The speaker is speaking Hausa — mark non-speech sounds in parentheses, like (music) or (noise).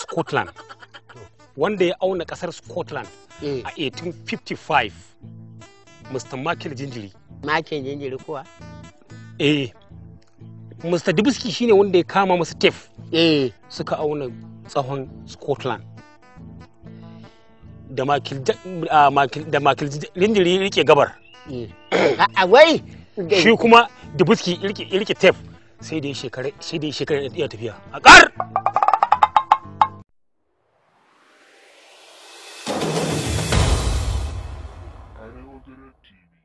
Scotland. Wanda ya auna kasar Scotland eh. a 1855, Mr. Michael Jinjiri. Michael Jinjiri kuwa? Eh. Mr. Dubisky shine wanda ya kama masa tef. Eh. Suka auna tsohon Scotland. Da Michael ah, Michael da Jinjiri rike gabar. Eh. (coughs) A ah, ah, Wai! Shi kuma Dubisky rike tef. sai da shekara sai da shekara iya tafiya a kar Arrow TV